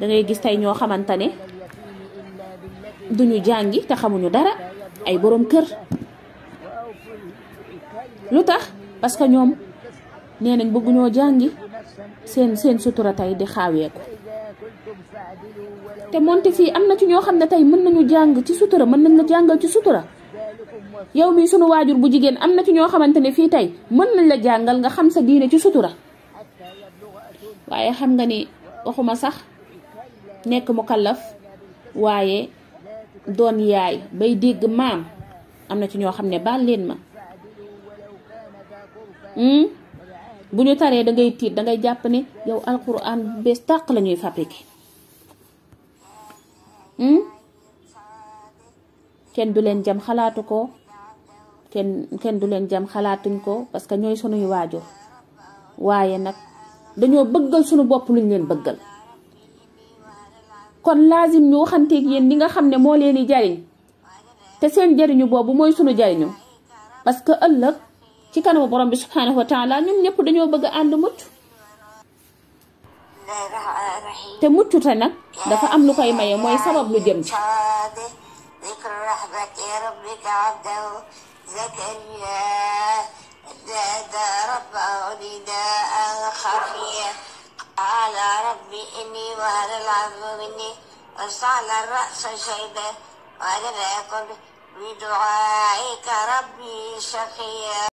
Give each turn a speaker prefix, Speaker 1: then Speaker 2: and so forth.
Speaker 1: da gis tey ñoo xamante ne duñu jàngi te xamuñu dara ay boroom kër lu tax parce que ñoom nee nañ bëgguñoo jàngi seen seen sutura tey di xaaweeku te moonte fii am na ci ñoo xam ne tey mën nañu jàng ci sutura mën nañ jàngal ci sutura yow mii sunu waajur bu jigéen am na ci ñoo xamante ne fii tey mën nañ la jàngal nga xam sa diine ci sutura waaye xam nga ni waxuma sax nekk mu kallaf waaye doon yaay bay dégg maam am na ci ñoo xam ne baal leen ma hmm? bu ñu taree da ngay tiit da ngay jàpp ne yow alquran bees tàq la ñuy fabriqué hmm? kenn du leen jam xalaatu ko kenn kenn du leen jam xalaatuñ ko parce que ñooy sunuy waajur waaye nag dañoo bëggal sunu bopp luñ leen bëggal kon laazim ñu waxante yéen li nga xam ne moo leen di jariñ te seen jariñu boobu mooy sunu jariñu parce que ëllëg ci kanamu borom bi subhanahu wa taala ñun ñëpp dañoo bëgg a ànd mucc te muccute nag dafa am lu koy maye mooy sabab lu jëm ci
Speaker 2: قال ربي إني وهل العظم مني واستعل الرأس شيبة ولم يكن بدعائك ربي شقيا